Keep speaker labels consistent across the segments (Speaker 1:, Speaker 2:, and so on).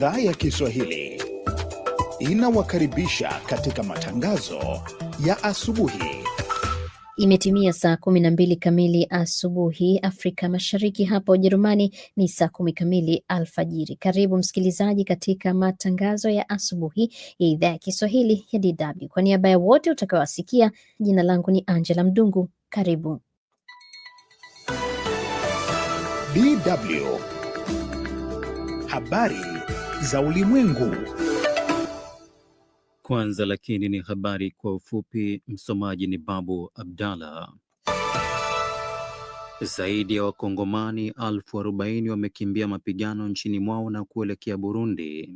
Speaker 1: Idhaa ya Kiswahili inawakaribisha katika matangazo ya asubuhi.
Speaker 2: Imetimia saa mbili kamili asubuhi Afrika Mashariki, hapa Ujerumani ni saa kumi kamili alfajiri. Karibu msikilizaji katika matangazo ya asubuhi ya idhaa ya Kiswahili ya DW. Kwa niaba ya wote utakaowasikia, jina langu ni Angela Mdungu. Karibu
Speaker 1: DW habari za ulimwengu.
Speaker 3: Kwanza lakini ni habari kwa ufupi, msomaji ni Babu Abdalla. Zaidi ya wakongomani elfu arobaini wamekimbia mapigano nchini mwao na kuelekea Burundi.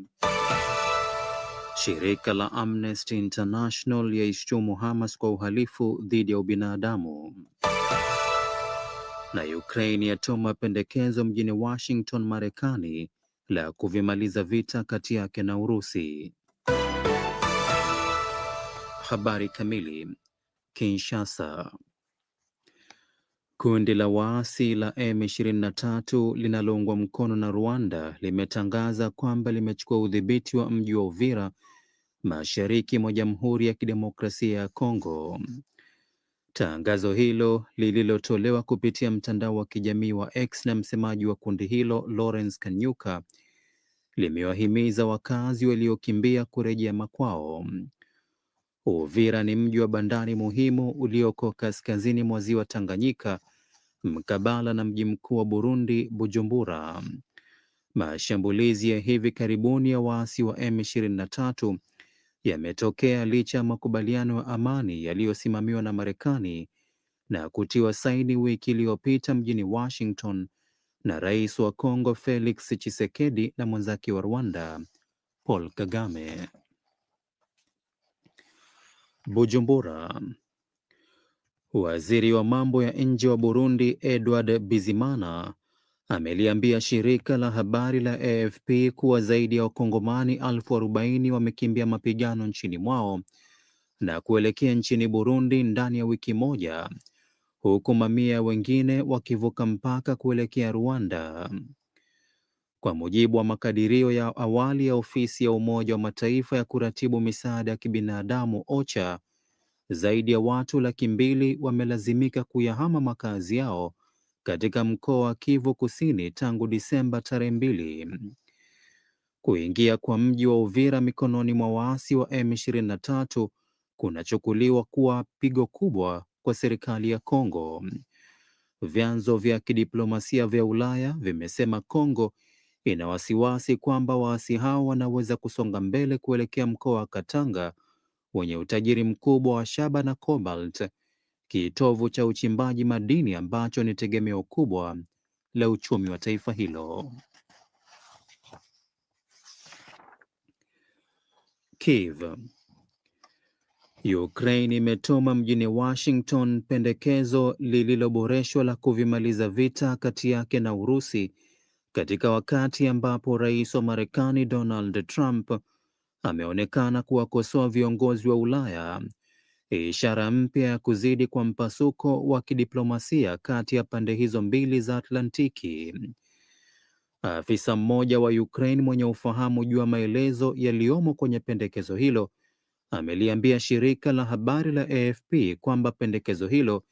Speaker 3: Shirika la Amnesty International yaishtumu Hamas kwa uhalifu dhidi ya ubinadamu. Na Ukraine yatuma pendekezo mjini Washington, Marekani la kuvimaliza vita kati yake na Urusi. Habari kamili. Kinshasa. Kundi la waasi la M23 linaloungwa mkono na Rwanda limetangaza kwamba limechukua udhibiti wa mji wa Uvira mashariki mwa Jamhuri ya Kidemokrasia ya Kongo. Tangazo hilo lililotolewa kupitia mtandao wa kijamii wa X na msemaji wa kundi hilo Lawrence Kanyuka limewahimiza wakazi waliokimbia kurejea makwao. Uvira ni mji wa bandari muhimu ulioko kaskazini mwa ziwa Tanganyika, mkabala na mji mkuu wa Burundi, Bujumbura. Mashambulizi ya hivi karibuni ya waasi wa M23 yametokea licha ya makubaliano ya amani yaliyosimamiwa na Marekani na kutiwa saini wiki iliyopita mjini Washington na rais wa Kongo Felix Tshisekedi na mwenzake wa Rwanda Paul Kagame. Bujumbura, waziri wa mambo ya nje wa Burundi Edward Bizimana ameliambia shirika la habari la AFP kuwa zaidi ya wakongomani elfu arobaini wamekimbia mapigano nchini mwao na kuelekea nchini Burundi ndani ya wiki moja huku mamia wengine wakivuka mpaka kuelekea Rwanda. Kwa mujibu wa makadirio ya awali ya ofisi ya Umoja wa Mataifa ya kuratibu misaada ya kibinadamu OCHA, zaidi ya watu laki mbili wamelazimika kuyahama makazi yao katika mkoa wa Kivu Kusini tangu Disemba tarehe mbili. Kuingia kwa mji wa Uvira mikononi mwa waasi wa M23 kunachukuliwa kuwa pigo kubwa kwa serikali ya Kongo. Vyanzo vya kidiplomasia vya Ulaya vimesema Kongo ina wasiwasi kwamba waasi hao wanaweza kusonga mbele kuelekea mkoa wa Katanga wenye utajiri mkubwa wa shaba na cobalt, kitovu cha uchimbaji madini ambacho ni tegemeo kubwa la uchumi wa taifa hilo. Kiev Ukraine imetuma mjini Washington pendekezo lililoboreshwa la kuvimaliza vita kati yake na Urusi katika wakati ambapo rais wa Marekani Donald Trump ameonekana kuwakosoa viongozi wa Ulaya, ishara mpya ya kuzidi kwa mpasuko wa kidiplomasia kati ya pande hizo mbili za Atlantiki. Afisa mmoja wa Ukraine mwenye ufahamu juu ya maelezo yaliyomo kwenye pendekezo hilo ameliambia shirika la habari la AFP kwamba pendekezo hilo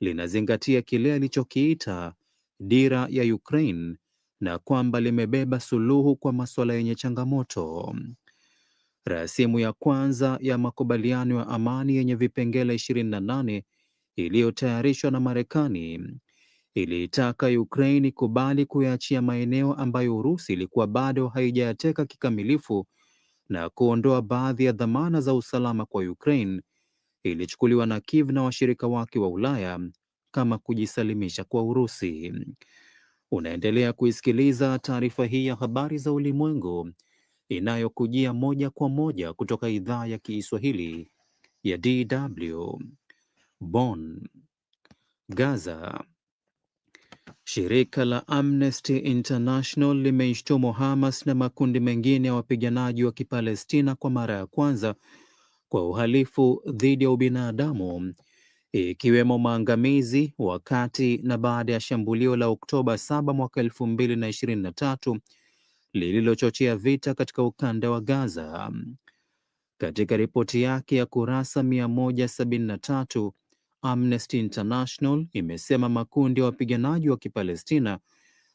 Speaker 3: linazingatia kile alichokiita dira ya Ukraine na kwamba limebeba suluhu kwa masuala yenye changamoto. Rasimu ya kwanza ya makubaliano ya amani yenye vipengele 28 iliyotayarishwa na Marekani iliitaka Ukraine ikubali kuyaachia maeneo ambayo Urusi ilikuwa bado haijayateka kikamilifu na kuondoa baadhi ya dhamana za usalama kwa Ukraine ilichukuliwa na Kiev na washirika wake wa Ulaya kama kujisalimisha kwa Urusi. Unaendelea kuisikiliza taarifa hii ya habari za ulimwengu inayokujia moja kwa moja kutoka idhaa ya Kiswahili ya DW. Bonn, Gaza. Shirika la Amnesty International limeishtumu Hamas na makundi mengine ya wapiganaji wa Kipalestina kwa mara ya kwanza kwa uhalifu dhidi ya ubinadamu ikiwemo maangamizi wakati na baada ya shambulio la Oktoba 7 mwaka 2023 lililochochea vita katika ukanda wa Gaza. Katika ripoti yake ya kurasa 173 Amnesty International imesema makundi ya wapiganaji wa Kipalestina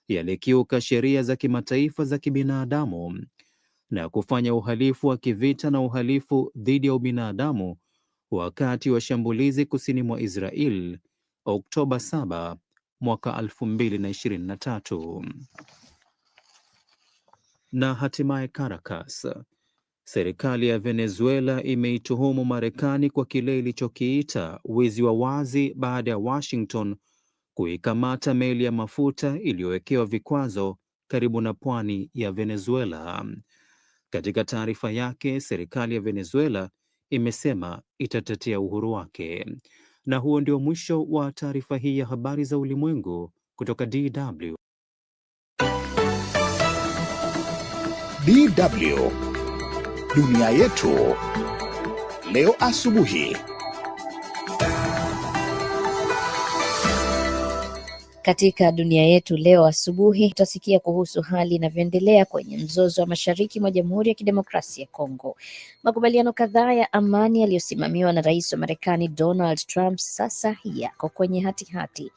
Speaker 3: yalikiuka sheria za kimataifa za kibinadamu na kufanya uhalifu wa kivita na uhalifu dhidi ya ubinadamu wakati wa shambulizi kusini mwa Israel Oktoba 7 mwaka 2023. Na hatimaye Caracas Serikali ya Venezuela imeituhumu Marekani kwa kile ilichokiita wizi wa wazi baada ya Washington kuikamata meli ya mafuta iliyowekewa vikwazo karibu na pwani ya Venezuela. Katika taarifa yake, serikali ya Venezuela imesema itatetea uhuru wake. Na huo ndio mwisho wa taarifa hii ya habari za ulimwengu kutoka DW.
Speaker 1: DW Dunia Yetu leo asubuhi.
Speaker 2: Katika dunia yetu leo asubuhi tutasikia kuhusu hali inavyoendelea kwenye mzozo wa mashariki mwa Jamhuri ya Kidemokrasia ya Kongo. Makubaliano kadhaa ya amani yaliyosimamiwa na Rais wa Marekani Donald Trump sasa yako kwenye hatihati hati.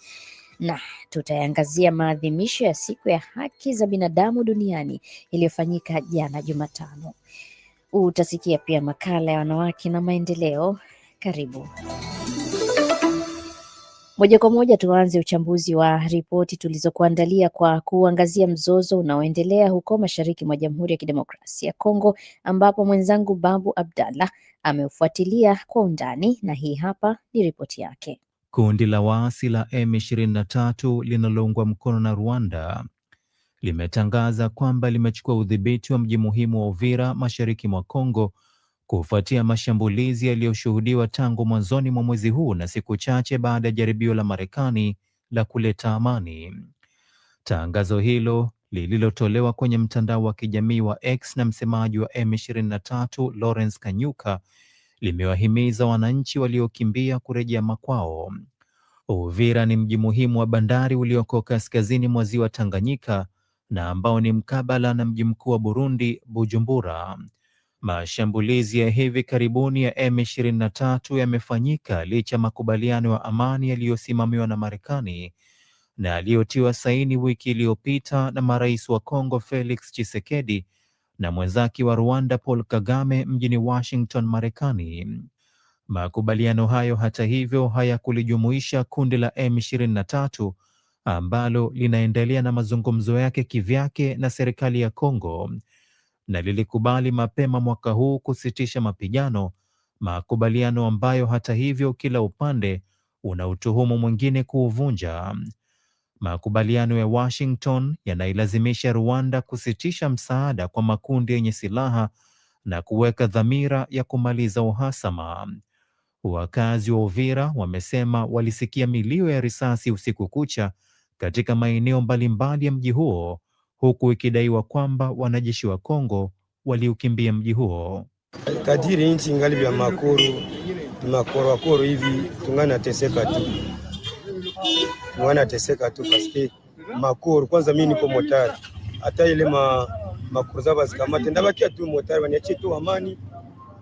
Speaker 2: Na tutayangazia maadhimisho ya siku ya haki za binadamu duniani iliyofanyika jana Jumatano. Utasikia pia makala ya wanawake na maendeleo. Karibu moja kwa moja, tuanze uchambuzi wa ripoti tulizokuandalia kwa kuangazia mzozo unaoendelea huko mashariki mwa Jamhuri ya Kidemokrasia ya Kongo, ambapo mwenzangu Babu Abdallah ameufuatilia kwa undani na hii hapa ni ripoti yake.
Speaker 3: Kundi la waasi la M23 linaloungwa mkono na Rwanda limetangaza kwamba limechukua udhibiti wa mji muhimu wa Uvira mashariki mwa Kongo kufuatia mashambulizi yaliyoshuhudiwa tangu mwanzoni mwa mwezi huu na siku chache baada ya jaribio la Marekani la kuleta amani. Tangazo hilo lililotolewa kwenye mtandao wa kijamii wa X na msemaji wa M23 Lawrence Kanyuka limewahimiza wananchi waliokimbia kurejea makwao. Uvira ni mji muhimu wa bandari ulioko kaskazini mwa ziwa Tanganyika na ambao ni mkabala na mji mkuu wa Burundi, Bujumbura. Mashambulizi ya hivi karibuni ya M23 yamefanyika licha ya makubaliano ya amani yaliyosimamiwa na Marekani na yaliyotiwa saini wiki iliyopita na marais wa Kongo Felix Tshisekedi na mwenzake wa Rwanda Paul Kagame mjini Washington, Marekani. Makubaliano hayo hata hivyo hayakulijumuisha kundi la M23 ambalo linaendelea na mazungumzo yake kivyake na serikali ya Kongo na lilikubali mapema mwaka huu kusitisha mapigano, makubaliano ambayo hata hivyo kila upande una utuhumu mwingine kuuvunja. Makubaliano ya Washington yanailazimisha Rwanda kusitisha msaada kwa makundi yenye silaha na kuweka dhamira ya kumaliza uhasama. Wakazi wa Uvira wamesema walisikia milio ya risasi usiku kucha katika maeneo mbalimbali ya mji huo huku ikidaiwa kwamba wanajeshi wa Kongo waliukimbia mji huo.
Speaker 4: Kadiri nchi ngali vya makoro makorwakoro hivi teseka tu, teseka tu paske makoro kwanza, mi niko motari, hata ile ma makoro zaba zikamate ndabakia tu motari, waniachie tu amani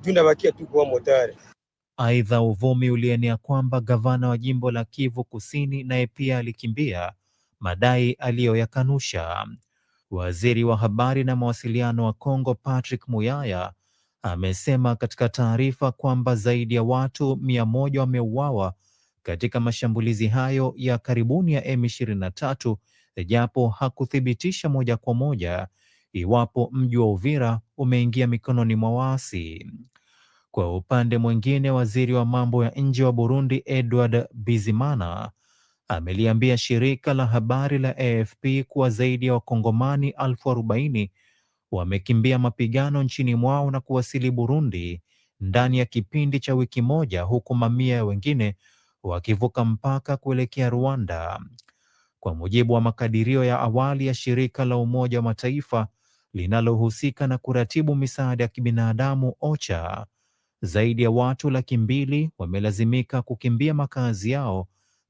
Speaker 4: juu ndabakia tu kuwa motari.
Speaker 3: Aidha, uvumi ulienea kwamba gavana wa jimbo la Kivu Kusini naye pia alikimbia madai aliyoyakanusha. Waziri wa habari na mawasiliano wa Kongo Patrick Muyaya amesema katika taarifa kwamba zaidi ya watu mia moja wameuawa katika mashambulizi hayo ya karibuni ya M23, japo hakuthibitisha moja kwa moja iwapo mji wa Uvira umeingia mikononi mwa waasi. Kwa upande mwingine, waziri wa mambo ya nje wa Burundi Edward Bizimana ameliambia shirika la habari la AFP kuwa zaidi ya wakongomani elfu arobaini wamekimbia mapigano nchini mwao na kuwasili Burundi ndani ya kipindi cha wiki moja, huku mamia ya wengine wakivuka mpaka kuelekea Rwanda. Kwa mujibu wa makadirio ya awali ya shirika la Umoja wa Mataifa linalohusika na kuratibu misaada ya kibinadamu OCHA, zaidi ya watu laki mbili wamelazimika kukimbia makazi yao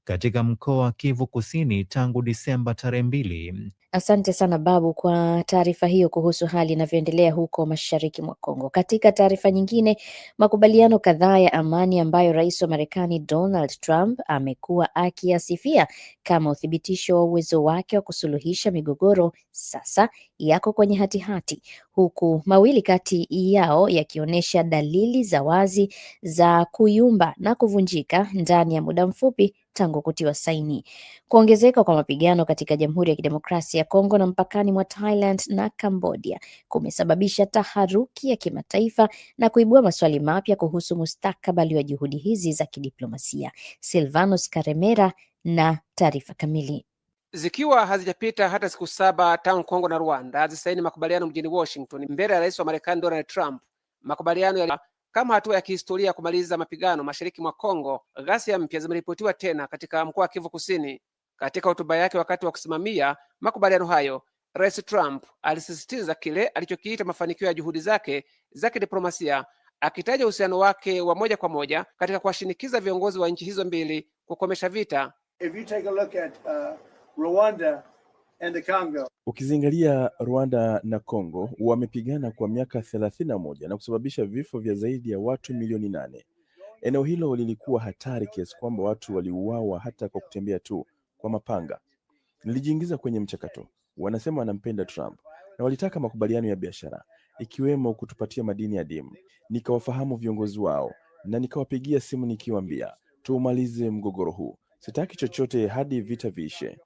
Speaker 3: katika mkoa wa Kivu Kusini tangu Disemba tarehe mbili
Speaker 2: Asante sana Babu kwa taarifa hiyo kuhusu hali inavyoendelea huko mashariki mwa Kongo. Katika taarifa nyingine, makubaliano kadhaa ya amani ambayo rais wa Marekani Donald Trump amekuwa akiyasifia kama uthibitisho wa uwezo wake wa kusuluhisha migogoro sasa yako kwenye hatihati hati, huku mawili kati yao yakionyesha dalili za wazi za kuyumba na kuvunjika ndani ya muda mfupi tangu kutiwa saini. Kuongezeka kwa mapigano katika Jamhuri ya Kidemokrasia Kongo na mpakani mwa Thailand na Cambodia kumesababisha taharuki ya kimataifa na kuibua maswali mapya kuhusu mustakabali wa juhudi hizi za kidiplomasia. Silvanus Karemera na taarifa kamili.
Speaker 5: Zikiwa hazijapita hata siku saba tangu Kongo na Rwanda zisaini makubaliano mjini Washington mbele ya rais wa Marekani Donald Trump, makubaliano yali kama hatua ya kihistoria ya kumaliza mapigano mashariki mwa Kongo, ghasia mpya zimeripotiwa tena katika mkoa wa Kivu Kusini. Katika hotuba yake wakati wa kusimamia makubaliano hayo, Rais Trump alisisitiza kile alichokiita mafanikio ya juhudi zake za kidiplomasia, akitaja uhusiano wake wa moja kwa moja katika kuwashinikiza viongozi wa nchi hizo mbili kukomesha vita.
Speaker 6: If you take a look at, uh, Rwanda and the Congo.
Speaker 7: Rwanda na wamepigana kwa miaka thelathini na moja na kusababisha vifo vya zaidi ya watu milioni nane. Eneo hilo lilikuwa hatari kiasi kwamba watu waliuawa hata kwa kutembea tu kwa mapanga. Nilijiingiza kwenye mchakato. Wanasema wanampenda Trump na walitaka makubaliano ya biashara, ikiwemo kutupatia madini ya dimu. Nikawafahamu viongozi wao na nikawapigia simu nikiwaambia, tuumalize mgogoro huu, sitaki chochote hadi vita viishe.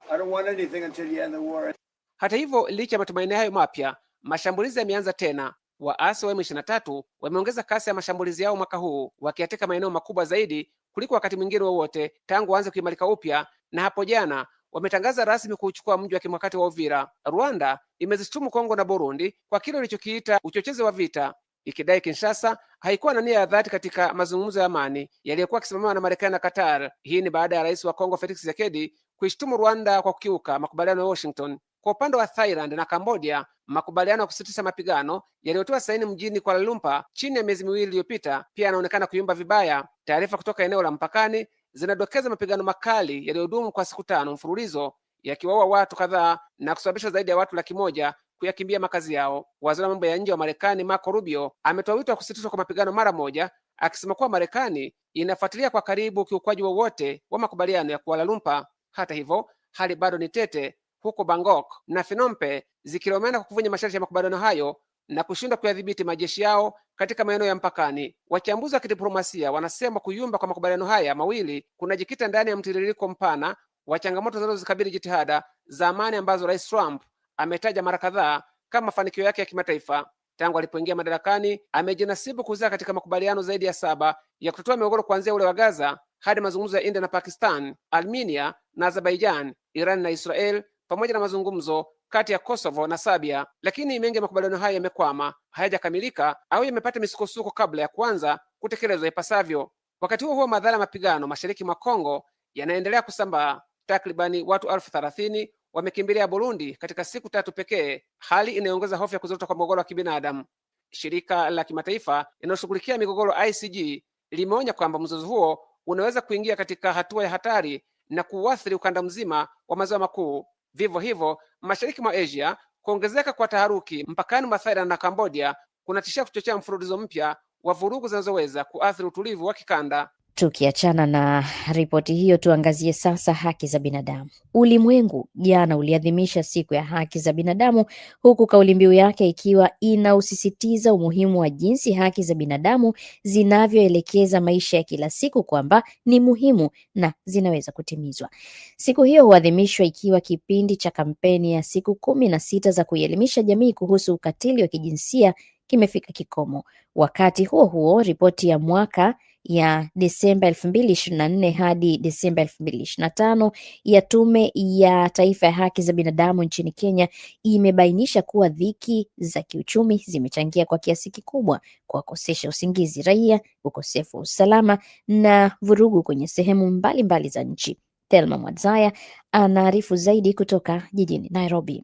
Speaker 5: Hata hivyo, licha ya matumaini hayo mapya, mashambulizi yameanza tena. Waasi wa M23 wameongeza kasi ya mashambulizi yao mwaka huu, wakiateka maeneo makubwa zaidi kuliko wakati mwingine wowote tangu waanze kuimarika upya, na hapo jana wametangaza rasmi kuuchukua mji wa kimkakati wa Uvira. Rwanda imezishtumu Kongo na Burundi kwa kile ilichokiita uchochezi wa vita, ikidai Kinshasa haikuwa na nia ya dhati katika mazungumzo ya amani yaliyokuwa akisimamiwa na Marekani na Qatar. Hii ni baada ya rais wa Kongo Felix Tshisekedi kuishtumu Rwanda kwa kukiuka makubaliano ya Washington kwa upande wa Thailand na Cambodia, makubaliano ya kusitisha mapigano yaliyotiwa saini mjini Kuala Lumpur chini ya miezi miwili iliyopita pia yanaonekana kuyumba vibaya. Taarifa kutoka eneo la mpakani zinadokeza mapigano makali yaliyodumu kwa siku tano mfululizo yakiwaua watu kadhaa na kusababisha zaidi ya watu laki moja kuyakimbia makazi yao. Waziri wa mambo ya nje wa Marekani Marco Rubio ametoa wito wa kusitishwa kwa mapigano mara moja, akisema kuwa Marekani inafuatilia kwa karibu ukiukwaji wowote wa, wa makubaliano ya Kuala Lumpur. Hata hivyo, hali bado ni tete huko Bangkok na Phnom Penh zikilomeana kwa kuvunja masharti ya makubaliano hayo na kushindwa kuyadhibiti majeshi yao katika maeneo ya mpakani. Wachambuzi wa kidiplomasia wanasema kuyumba kwa makubaliano haya mawili kunajikita ndani ya mtiririko mpana wa changamoto zinazozikabili jitihada za amani ambazo Rais Trump ametaja mara kadhaa kama mafanikio yake ya kimataifa. Tangu alipoingia madarakani, amejinasibu kuzaa katika makubaliano zaidi ya saba ya kutatua migogoro kuanzia ule wa Gaza hadi mazungumzo ya India na Pakistan, Armenia na Azerbaijan, Iran na Israel pamoja na mazungumzo kati ya Kosovo na Serbia, lakini mengi ya makubaliano hayo yamekwama, hayajakamilika au yamepata misukosuko kabla ya kuanza kutekelezwa ipasavyo. Wakati huo huo, madhara ya mapigano mashariki mwa Kongo yanaendelea kusambaa. Takribani watu elfu thelathini wamekimbilia Burundi katika siku tatu pekee, hali inayoongeza hofu ya kuzorota kwa mgogoro wa kibinadamu. Shirika la kimataifa linaloshughulikia migogoro ICG limeonya kwamba mzozo huo unaweza kuingia katika hatua ya hatari na kuuathiri ukanda mzima wa maziwa makuu Vivyo hivyo, mashariki mwa Asia, kuongezeka kwa taharuki mpakani mwa Thailand na Cambodia kunatishia kuchochea mfululizo mpya wa vurugu zinazoweza kuathiri utulivu wa kikanda.
Speaker 2: Tukiachana na ripoti hiyo, tuangazie sasa haki za binadamu. Ulimwengu jana uliadhimisha siku ya haki za binadamu, huku kauli mbiu yake ikiwa inausisitiza umuhimu wa jinsi haki za binadamu zinavyoelekeza maisha ya kila siku, kwamba ni muhimu na zinaweza kutimizwa. Siku hiyo huadhimishwa ikiwa kipindi cha kampeni ya siku kumi na sita za kuielimisha jamii kuhusu ukatili wa kijinsia kimefika kikomo. Wakati huo huo, ripoti ya mwaka ya Desemba 2024 hadi Desemba 2025 ya Tume ya Taifa ya Haki za Binadamu nchini Kenya imebainisha kuwa dhiki za kiuchumi zimechangia kwa kiasi kikubwa kuwakosesha usingizi raia, ukosefu wa usalama na vurugu kwenye sehemu mbalimbali mbali za nchi. Thelma Mwadzaya anaarifu zaidi kutoka jijini Nairobi.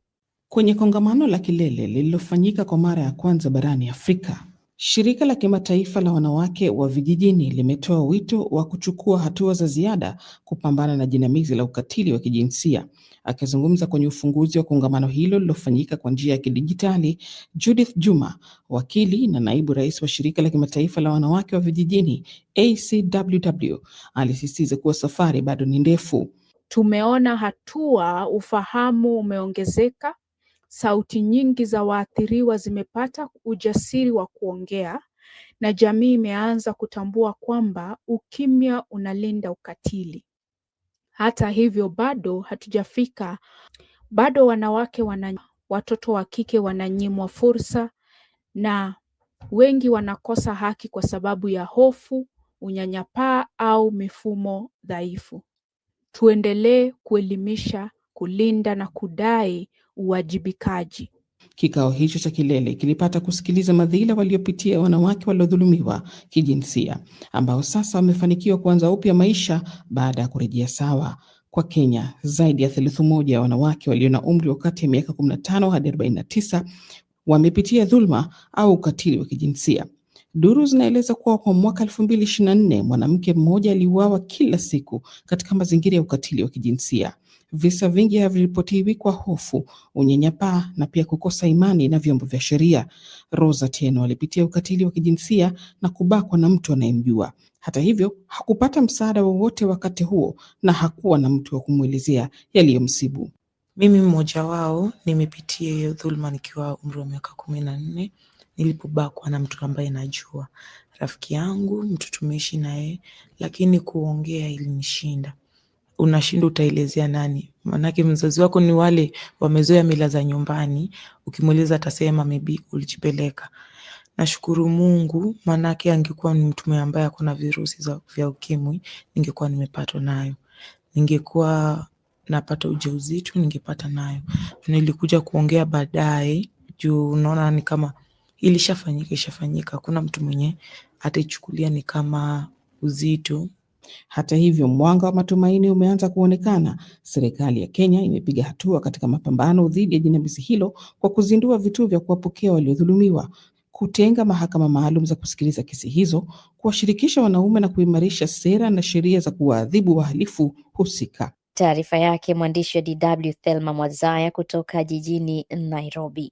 Speaker 8: Kwenye kongamano la kilele lililofanyika kwa mara ya kwanza barani Afrika Shirika la Kimataifa la Wanawake wa Vijijini limetoa wito wa kuchukua hatua za ziada kupambana na jinamizi la ukatili wa kijinsia. Akizungumza kwenye ufunguzi wa kongamano hilo lililofanyika kwa njia ya kidijitali, Judith Juma, wakili na naibu rais wa Shirika la Kimataifa la Wanawake wa Vijijini ACWW, alisisitiza kuwa safari bado ni ndefu.
Speaker 9: Tumeona hatua, ufahamu umeongezeka sauti nyingi za waathiriwa zimepata ujasiri wa kuongea na jamii imeanza kutambua kwamba ukimya unalinda ukatili. Hata hivyo, bado hatujafika. Bado wanawake wana, watoto wa kike wananyimwa fursa na wengi wanakosa haki kwa sababu ya hofu, unyanyapaa au mifumo dhaifu. Tuendelee kuelimisha, kulinda na kudai uwajibikaji.
Speaker 8: Kikao hicho cha kilele kilipata kusikiliza madhila waliopitia wanawake waliodhulumiwa kijinsia ambao sasa wamefanikiwa kuanza upya maisha baada ya kurejea sawa. Kwa Kenya, zaidi ya theluthi moja ya wanawake walio na umri wa kati ya miaka 15 hadi 49 wamepitia dhuluma au ukatili wa kijinsia. Duru zinaeleza kuwa kwa mwaka 2024 mwanamke mmoja aliuawa kila siku katika mazingira ya ukatili wa kijinsia. Visa vingi haviripotiwi kwa hofu, unyanyapaa na pia kukosa imani na vyombo vya sheria. Rose Atieno alipitia ukatili wa kijinsia na kubakwa na mtu anayemjua. Hata hivyo, hakupata msaada wowote wakati huo na hakuwa na mtu wa kumwelezea yaliyomsibu.
Speaker 10: Mimi mmoja wao, nimepitia hiyo dhuluma nikiwa umri wa miaka kumi na nne nilipobakwa na mtu ambaye najua, rafiki yangu, mtu tumeishi naye, lakini kuongea ilinishinda unashindwa utaelezea nani? Maanake mzazi wako ni wale wamezoea mila za nyumbani, ukimweleza atasema maybe ulijipeleka. Nashukuru Mungu, maanake angekuwa ni mtume ambaye ako na virusi za, vya ukimwi, ningekuwa nimepatwa nayo, ningekuwa napata ujauzito, ningepata nayo. Nilikuja kuongea baadaye juu unaona ni kama ilishafanyika, ishafanyika. Hakuna mtu mwenye ataichukulia ni kama uzito
Speaker 8: hata hivyo, mwanga wa matumaini umeanza kuonekana. Serikali ya Kenya imepiga hatua katika mapambano dhidi ya jinamizi hilo kwa kuzindua vituo vya kuwapokea waliodhulumiwa, kutenga mahakama maalum za kusikiliza kesi hizo, kuwashirikisha wanaume na kuimarisha sera na sheria za kuwaadhibu wahalifu husika.
Speaker 2: Taarifa yake mwandishi wa DW Thelma Mwazaya kutoka jijini Nairobi.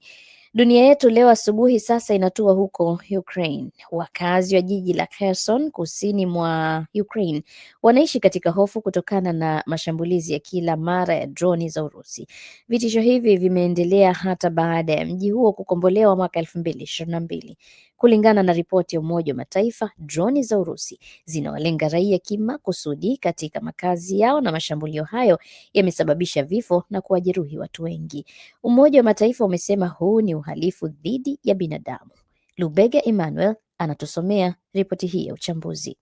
Speaker 2: Dunia yetu leo asubuhi sasa inatua huko Ukraine. Wakazi wa jiji la Kherson kusini mwa Ukraine wanaishi katika hofu kutokana na mashambulizi ya kila mara ya droni za Urusi. Vitisho hivi vimeendelea hata baada ya mji huo kukombolewa mwaka elfu mbili ishirini na mbili. Kulingana na ripoti ya Umoja wa Mataifa, droni za Urusi zinawalenga raia kimakusudi katika makazi yao, na mashambulio hayo yamesababisha vifo na kuwajeruhi watu wengi. Umoja wa Mataifa umesema huu ni uhalifu dhidi ya binadamu. Lubega Emmanuel anatusomea ripoti hii ya uchambuzi.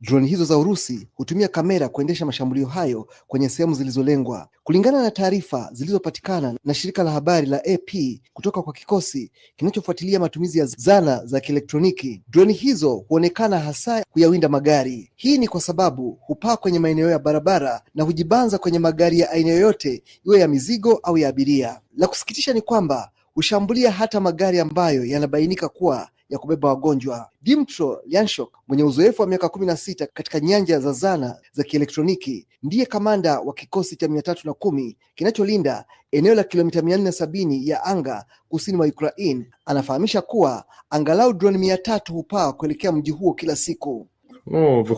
Speaker 8: Droni hizo za Urusi hutumia kamera kuendesha mashambulio hayo kwenye sehemu zilizolengwa. Kulingana na taarifa zilizopatikana na shirika la habari la AP kutoka kwa kikosi kinachofuatilia matumizi ya zana za kielektroniki, droni hizo huonekana hasa kuyawinda magari. Hii ni kwa sababu hupaa kwenye maeneo ya barabara na hujibanza kwenye magari ya aina yoyote, iwe ya mizigo au ya abiria. La kusikitisha ni kwamba hushambulia hata magari ambayo yanabainika kuwa ya kubeba wagonjwa. Dimtro Lyanshok mwenye uzoefu wa miaka kumi na sita katika nyanja za zana za kielektroniki ndiye kamanda wa kikosi cha mia tatu na kumi kinacholinda eneo la kilomita mia nne sabini ya anga kusini mwa Ukraine. Anafahamisha kuwa angalau droni mia tatu hupaa kuelekea mji huo kila siku. No, э,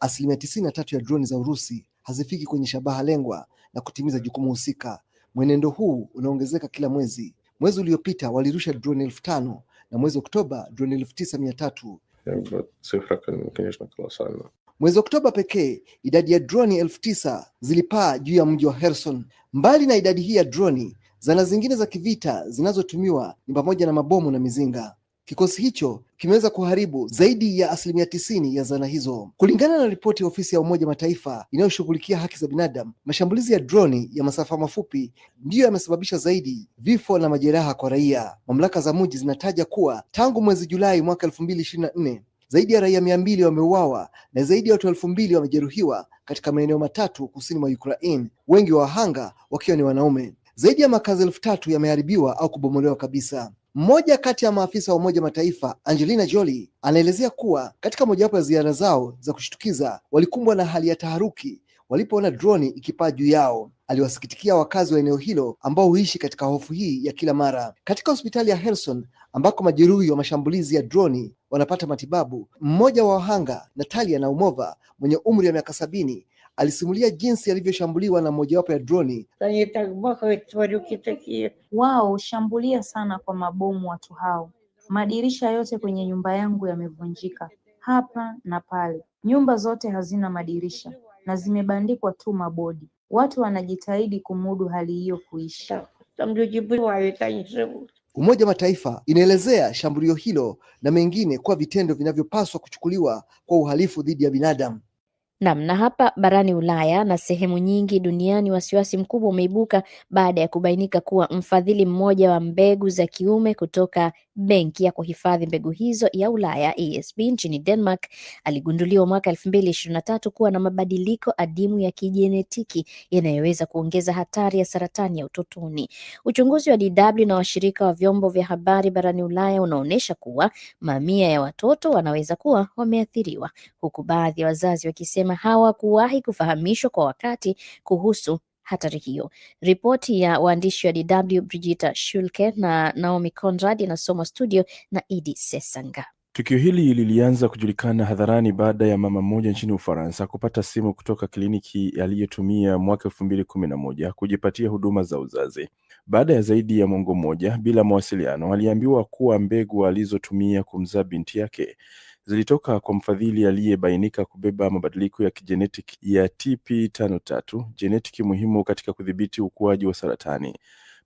Speaker 8: Asilimia tisini na tatu ya droni za Urusi hazifiki kwenye shabaha lengwa na kutimiza jukumu husika. Mwenendo huu unaongezeka kila mwezi. Mwezi uliopita walirusha droni elfu tano na mwezi Oktoba droni elfu tisa mia tatu Mwezi Oktoba pekee idadi ya droni elfu tisa zilipaa juu ya mji wa Herson. Mbali na idadi hii ya droni, zana zingine za kivita zinazotumiwa ni pamoja na mabomu na mizinga. Kikosi hicho kimeweza kuharibu zaidi ya asilimia tisini ya zana hizo, kulingana na ripoti ya ofisi ya Umoja Mataifa inayoshughulikia haki za binadamu. Mashambulizi ya droni ya masafa mafupi ndiyo yamesababisha zaidi vifo na majeraha kwa raia. Mamlaka za mji zinataja kuwa tangu mwezi Julai mwaka elfu mbili ishirini na nne zaidi ya raia mia mbili wameuawa na zaidi ya watu elfu mbili wamejeruhiwa katika maeneo matatu kusini mwa Ukraine, wengi wa wahanga wakiwa ni wanaume. Zaidi ya makazi elfu tatu yameharibiwa au kubomolewa kabisa. Mmoja kati ya maafisa wa Umoja Mataifa Angelina Jolie anaelezea kuwa katika mojawapo ya ziara zao za kushtukiza walikumbwa na hali ya taharuki walipoona droni ikipaa juu yao. Aliwasikitikia wakazi wa eneo hilo ambao huishi katika hofu hii ya kila mara. Katika hospitali ya Helson ambako majeruhi wa mashambulizi ya droni wanapata matibabu, mmoja wa wahanga Natalia Naumova mwenye umri wa miaka sabini alisimulia jinsi alivyoshambuliwa na mojawapo ya droni.
Speaker 9: Wao shambulia sana kwa mabomu watu hao. Madirisha yote kwenye nyumba yangu yamevunjika hapa na pale. Nyumba zote hazina madirisha na zimebandikwa tu mabodi. Watu wanajitahidi kumudu hali hiyo kuisha.
Speaker 8: Umoja wa Mataifa inaelezea shambulio hilo na mengine kuwa vitendo vinavyopaswa kuchukuliwa kwa uhalifu dhidi ya binadamu.
Speaker 2: Naam, na hapa barani Ulaya na sehemu nyingi duniani wasiwasi mkubwa umeibuka baada ya kubainika kuwa mfadhili mmoja wa mbegu za kiume kutoka benki ya kuhifadhi mbegu hizo ya Ulaya ESB nchini Denmark aligunduliwa mwaka 2023 kuwa na mabadiliko adimu ya kijenetiki yanayoweza kuongeza hatari ya saratani ya utotoni. Uchunguzi wa DW na washirika wa vyombo vya habari barani Ulaya unaonyesha kuwa mamia ya watoto wanaweza kuwa wameathiriwa, huku baadhi ya wazazi wakisema hawakuwahi kufahamishwa kwa wakati kuhusu hatari hiyo. Ripoti ya waandishi wa DW Brigita Shulke na Naomi Conrad inasomwa studio na Idi Sesanga.
Speaker 11: Tukio hili lilianza kujulikana hadharani baada ya mama mmoja nchini Ufaransa kupata simu kutoka kliniki aliyotumia mwaka elfu mbili kumi na moja kujipatia huduma za uzazi. Baada ya zaidi ya mwongo mmoja bila mawasiliano, aliambiwa kuwa mbegu alizotumia kumzaa binti yake zilitoka kwa mfadhili aliyebainika kubeba mabadiliko ya kijenetiki ya TP53, jenetiki muhimu katika kudhibiti ukuaji wa saratani.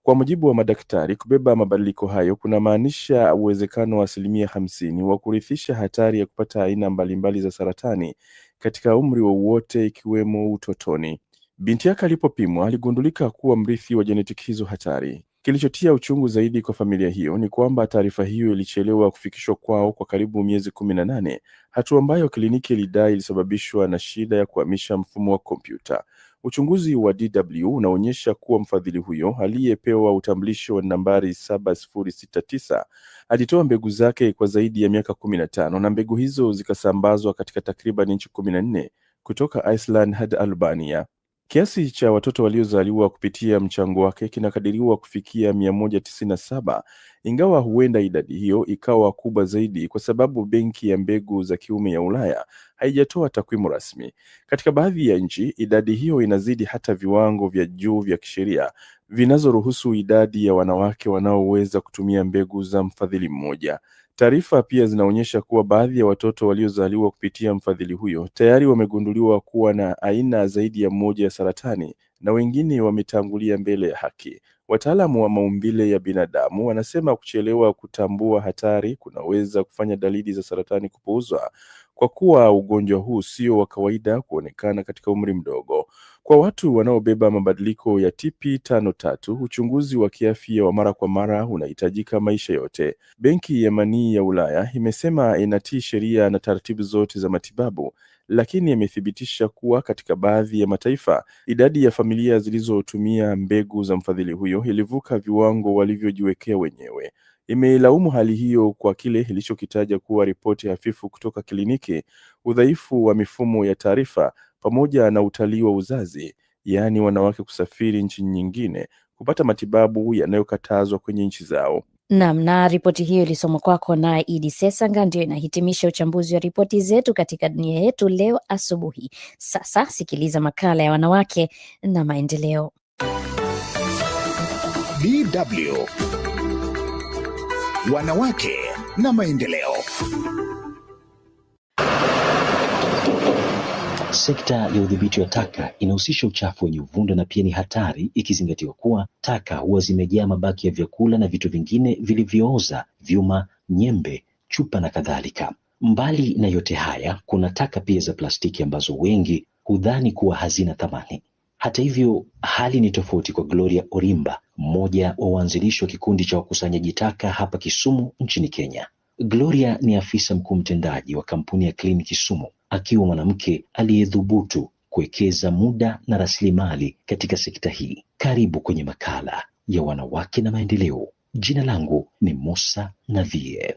Speaker 11: Kwa mujibu wa madaktari, kubeba mabadiliko hayo kunamaanisha uwezekano wa asilimia hamsini wa kurithisha hatari ya kupata aina mbalimbali za saratani katika umri wowote ikiwemo utotoni. Binti yake alipopimwa aligundulika kuwa mrithi wa jenetiki hizo hatari. Kilichotia uchungu zaidi kwa familia hiyo ni kwamba taarifa hiyo ilichelewa kufikishwa kwao kwa karibu miezi kumi na nane, hatua ambayo kliniki ilidai ilisababishwa na shida ya kuhamisha mfumo wa kompyuta. Uchunguzi wa DW unaonyesha kuwa mfadhili huyo aliyepewa utambulisho wa nambari 7069 alitoa mbegu zake kwa zaidi ya miaka kumi na tano na mbegu hizo zikasambazwa katika takriban nchi kumi na nne kutoka Iceland hadi Albania. Kiasi cha watoto waliozaliwa kupitia mchango wake kinakadiriwa kufikia mia moja saba ingawa huenda idadi hiyo ikawa kubwa zaidi kwa sababu Benki ya Mbegu za Kiume ya Ulaya haijatoa takwimu rasmi. Katika baadhi ya nchi, idadi hiyo inazidi hata viwango vya juu vya kisheria vinazoruhusu idadi ya wanawake wanaoweza kutumia mbegu za mfadhili mmoja. Taarifa pia zinaonyesha kuwa baadhi ya watoto waliozaliwa kupitia mfadhili huyo tayari wamegunduliwa kuwa na aina zaidi ya moja ya saratani na wengine wametangulia mbele ya haki. Wataalamu wa maumbile ya binadamu wanasema kuchelewa kutambua hatari kunaweza kufanya dalili za saratani kupuuzwa, kwa kuwa ugonjwa huu sio wa kawaida kuonekana katika umri mdogo. Kwa watu wanaobeba mabadiliko ya TP53, uchunguzi wa kiafya wa mara kwa mara unahitajika maisha yote. Benki ya Manii ya Ulaya imesema inatii sheria na taratibu zote za matibabu, lakini imethibitisha kuwa katika baadhi ya mataifa, idadi ya familia zilizotumia mbegu za mfadhili huyo ilivuka viwango walivyojiwekea wenyewe. Imeilaumu hali hiyo kwa kile ilichokitaja kuwa ripoti hafifu kutoka kliniki, udhaifu wa mifumo ya taarifa pamoja na utalii wa uzazi, yaani wanawake kusafiri nchi nyingine kupata matibabu yanayokatazwa kwenye nchi zao.
Speaker 2: Naam, na ripoti hiyo ilisomwa kwako naye Idi Sesanga. Ndiyo inahitimisha uchambuzi wa ripoti zetu katika dunia yetu leo asubuhi. Sasa sikiliza makala ya wanawake na maendeleo.
Speaker 1: DW wanawake na maendeleo.
Speaker 12: Sekta ya udhibiti wa taka inahusisha uchafu wenye uvunda na pia ni hatari, ikizingatiwa kuwa taka huwa zimejaa mabaki ya vyakula na vitu vingine vilivyooza, vyuma, nyembe, chupa na kadhalika. Mbali na yote haya, kuna taka pia za plastiki ambazo wengi hudhani kuwa hazina thamani. Hata hivyo, hali ni tofauti kwa Gloria Orimba, mmoja wa waanzilishi wa kikundi cha wakusanyaji taka hapa Kisumu nchini Kenya. Gloria ni afisa mkuu mtendaji wa kampuni ya Clean Kisumu akiwa mwanamke aliyedhubutu kuwekeza muda na rasilimali katika sekta hii. Karibu kwenye makala ya wanawake na maendeleo. Jina langu ni Musa Nadhie.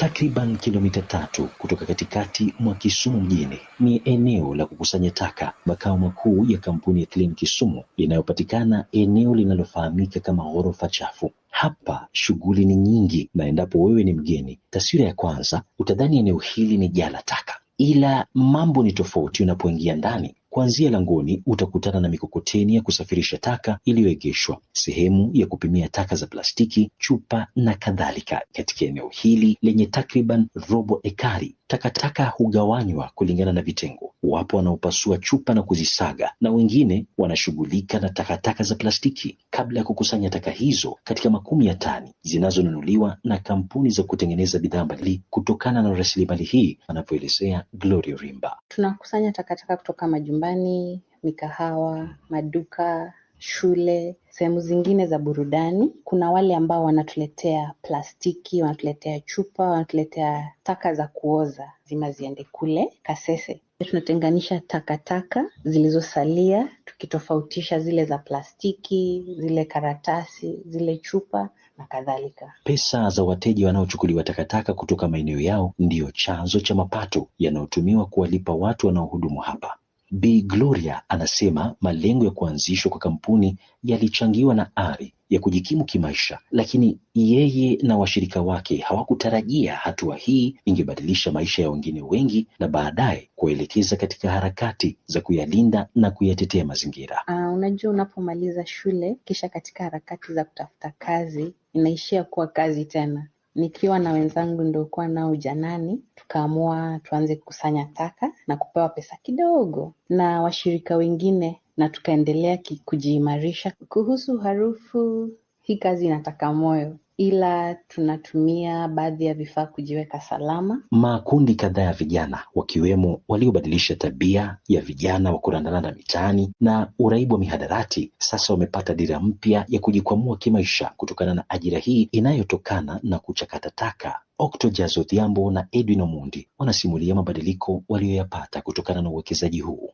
Speaker 12: Takriban kilomita tatu kutoka katikati mwa Kisumu mjini ni eneo la kukusanya taka, makao makuu ya kampuni ya Clean Kisumu inayopatikana eneo linalofahamika kama ghorofa chafu. Hapa shughuli ni nyingi, na endapo wewe ni mgeni, taswira ya kwanza utadhani eneo hili ni jaa la taka, ila mambo ni tofauti unapoingia ndani. Kuanzia langoni utakutana na mikokoteni ya kusafirisha taka iliyoegeshwa, sehemu ya kupimia taka za plastiki, chupa na kadhalika. Katika eneo hili lenye takriban robo ekari, takataka hugawanywa kulingana na vitengo. Wapo wanaopasua chupa na kuzisaga na wengine wanashughulika na takataka za plastiki kabla ya kukusanya taka hizo katika makumi ya tani zinazonunuliwa na kampuni za kutengeneza bidhaa mbalimbali kutokana na rasilimali hii, anavyoelezea Gloria Rimba.
Speaker 13: Tunakusanya takataka kutoka majumba nyumbani, mikahawa, maduka, shule, sehemu zingine za burudani. Kuna wale ambao wanatuletea plastiki, wanatuletea chupa, wanatuletea taka za kuoza, zima ziende kule Kasese. Tunatenganisha takataka zilizosalia, tukitofautisha zile za plastiki, zile karatasi, zile chupa na kadhalika.
Speaker 12: Pesa za wateja wanaochukuliwa takataka kutoka maeneo yao ndiyo chanzo cha mapato yanayotumiwa kuwalipa watu wanaohudumu hapa. Bi Gloria anasema malengo ya kuanzishwa kwa kampuni yalichangiwa na ari ya kujikimu kimaisha, lakini yeye na washirika wake hawakutarajia hatua hii ingebadilisha maisha ya wengine wengi na baadaye kuelekeza katika harakati za kuyalinda na kuyatetea mazingira.
Speaker 13: Uh, unajua unapomaliza shule kisha katika harakati za kutafuta kazi inaishia kuwa kazi tena nikiwa na wenzangu niliokuwa nao janani tukaamua tuanze kukusanya taka na kupewa pesa kidogo na washirika wengine, na tukaendelea kujiimarisha. Kuhusu harufu, hii kazi inataka moyo ila tunatumia baadhi ya vifaa kujiweka salama.
Speaker 12: Makundi kadhaa ya vijana wakiwemo waliobadilisha tabia ya vijana wa na mitaani na uraibu wa mihadarati, sasa wamepata dira mpya ya kujikwamua kimaisha kutokana na ajira hii inayotokana na kuchakata taka. Octojaz Odhiambo na Edwin Omundi wanasimulia mabadiliko walioyapata kutokana na uwekezaji huu.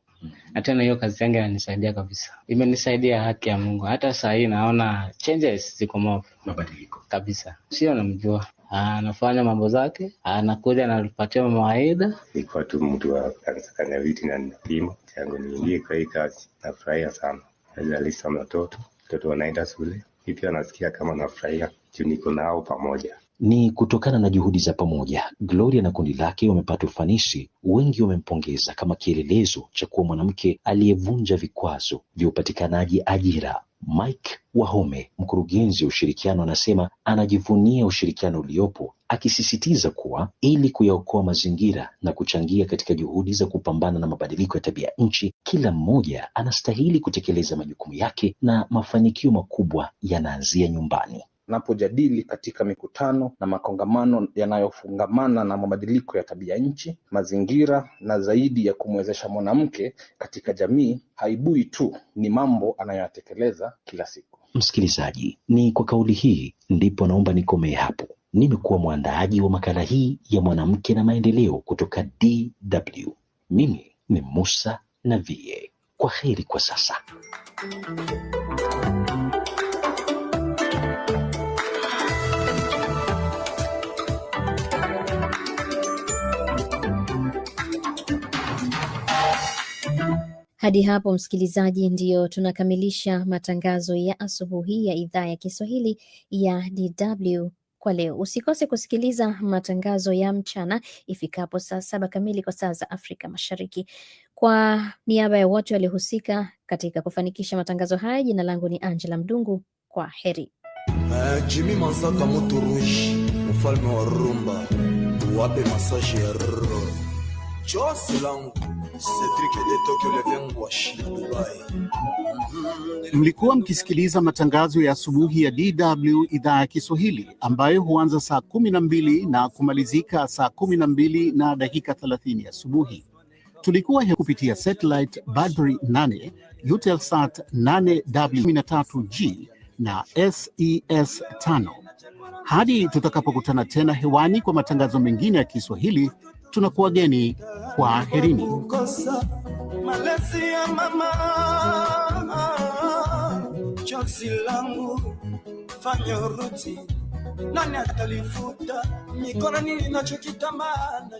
Speaker 14: Na tena hiyo kazi yangu inanisaidia kabisa, imenisaidia haki ya Mungu. Hata saa hii naona changes ziko mabadiliko kabisa, sio namjua anafanya mambo zake, anakuja anapatia mawaidha.
Speaker 15: Nilikuwa tu mtu wa kanisakanya viti na nipima tangu niingie kwa hii kazi. Nafurahia sana alisa mtoto mtoto wanaenda shule, mi pia kama nafurahia juu niko nao pamoja.
Speaker 12: Ni kutokana na juhudi za pamoja, Gloria na kundi lake wamepata ufanisi. Wengi wamempongeza kama kielelezo cha kuwa mwanamke aliyevunja vikwazo vya upatikanaji ajira. Mike Wahome, mkurugenzi wa ushirikiano, anasema anajivunia ushirikiano uliopo, akisisitiza kuwa ili kuyaokoa mazingira na kuchangia katika juhudi za kupambana na mabadiliko ya tabia nchi, kila mmoja anastahili kutekeleza majukumu yake na mafanikio makubwa yanaanzia nyumbani
Speaker 16: tunapojadili katika mikutano na makongamano yanayofungamana na mabadiliko ya tabia nchi, mazingira na zaidi ya kumwezesha mwanamke katika jamii, haibui tu, ni mambo anayoyatekeleza kila siku.
Speaker 12: Msikilizaji, ni kwa kauli hii ndipo naomba nikomee hapo. Nimekuwa mwandaaji wa makala hii ya mwanamke na maendeleo kutoka DW. Mimi ni Musa na VA. Kwa heri kwa sasa.
Speaker 2: Hadi hapo msikilizaji, ndiyo tunakamilisha matangazo ya asubuhi ya idhaa ya Kiswahili ya DW kwa leo. Usikose kusikiliza matangazo ya mchana ifikapo saa saba kamili kwa saa za Afrika Mashariki. Kwa niaba ya wote waliohusika katika kufanikisha matangazo haya, jina langu ni Angela Mdungu. Kwa heri. Eh, Jimi mfalme wa rumba, masashi ya
Speaker 8: langu Mm-hmm. Mlikuwa mkisikiliza matangazo ya asubuhi ya DW idhaa ya Kiswahili ambayo huanza saa 12 na kumalizika saa 12 na dakika 30 asubuhi. Tulikuwa kupitia satellite Badri 8, Eutelsat 8W13G na SES 5. E Hadi tutakapokutana tena hewani kwa matangazo mengine ya Kiswahili tunakuwageni kwa aherini. Malezi ya mama, chozi langu fanyo ruti nani atalifuta mikononi ninachokitamani?